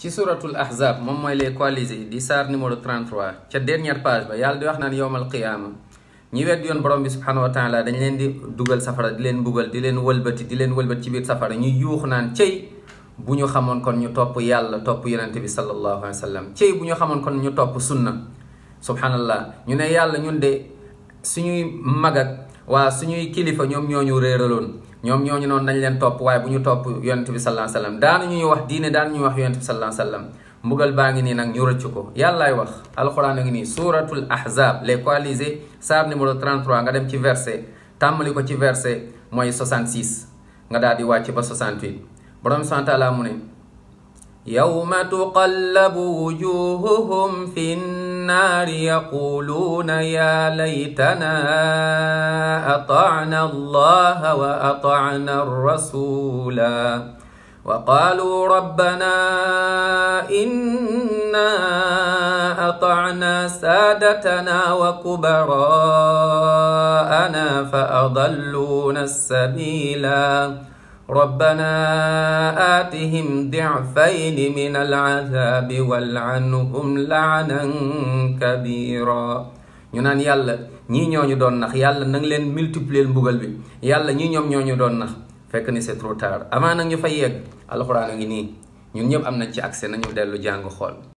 ci suratul ahzab moom mooy les coalisés di saar numéro 33 ca dernière page ba yàlla di wax naan yowmal qiyaama ñi wedd yoon borom bi subhanahu wa taala dañ leen di dugal safara di leen mbugal di leen walbati di leen wëlbati ci biir safara ñu yuux naan cey bu ñu xamoon kon ñu topp yàlla topp yonente bi sallallahu alayhi wa bu ñu xamoon kon ñu topp sunna subhanallah ñu ne yàlla ñun de suñuy mag ak waa suñuy kilifa ñoom ñoo ñu réeraloon ñoom ñooñu noonu nañ leen topp waaye bu ñu topp yonent bi sallallahu wa sallam daanu ñuy wax diine daanu ñuy wax yonent bi sallallahu wa sallam mbugal baa ngi nii nag ñu rëcc ko yàllaay wax alxuraan a ngi nii suratul ahzab les saar numéro nga dem ci verset tàmmali ko ci verset mooy 66 nga daal di wàcc ba 68 borom sant Alla mu ne yawma tuqallabu wujuhuhum النار يقولون يا ليتنا أطعنا الله وأطعنا الرسولا وقالوا ربنا إنا أطعنا سادتنا وكبراءنا فأضلونا السبيلا ربنا آتهم ضعفين من العذاب والعنهم لعنا كبيرا ñu naan yàlla ñii ñoo ñu doon nax yàlla na leen multiplier mbugal bi yàlla ñii ñoom ñoo ñu doon nax fekk ni c'est trop tard avant nag ñu fa yegg alxuraan a ngi nii ñun ñëpp am nañ ci accès nañu dellu jàng xool.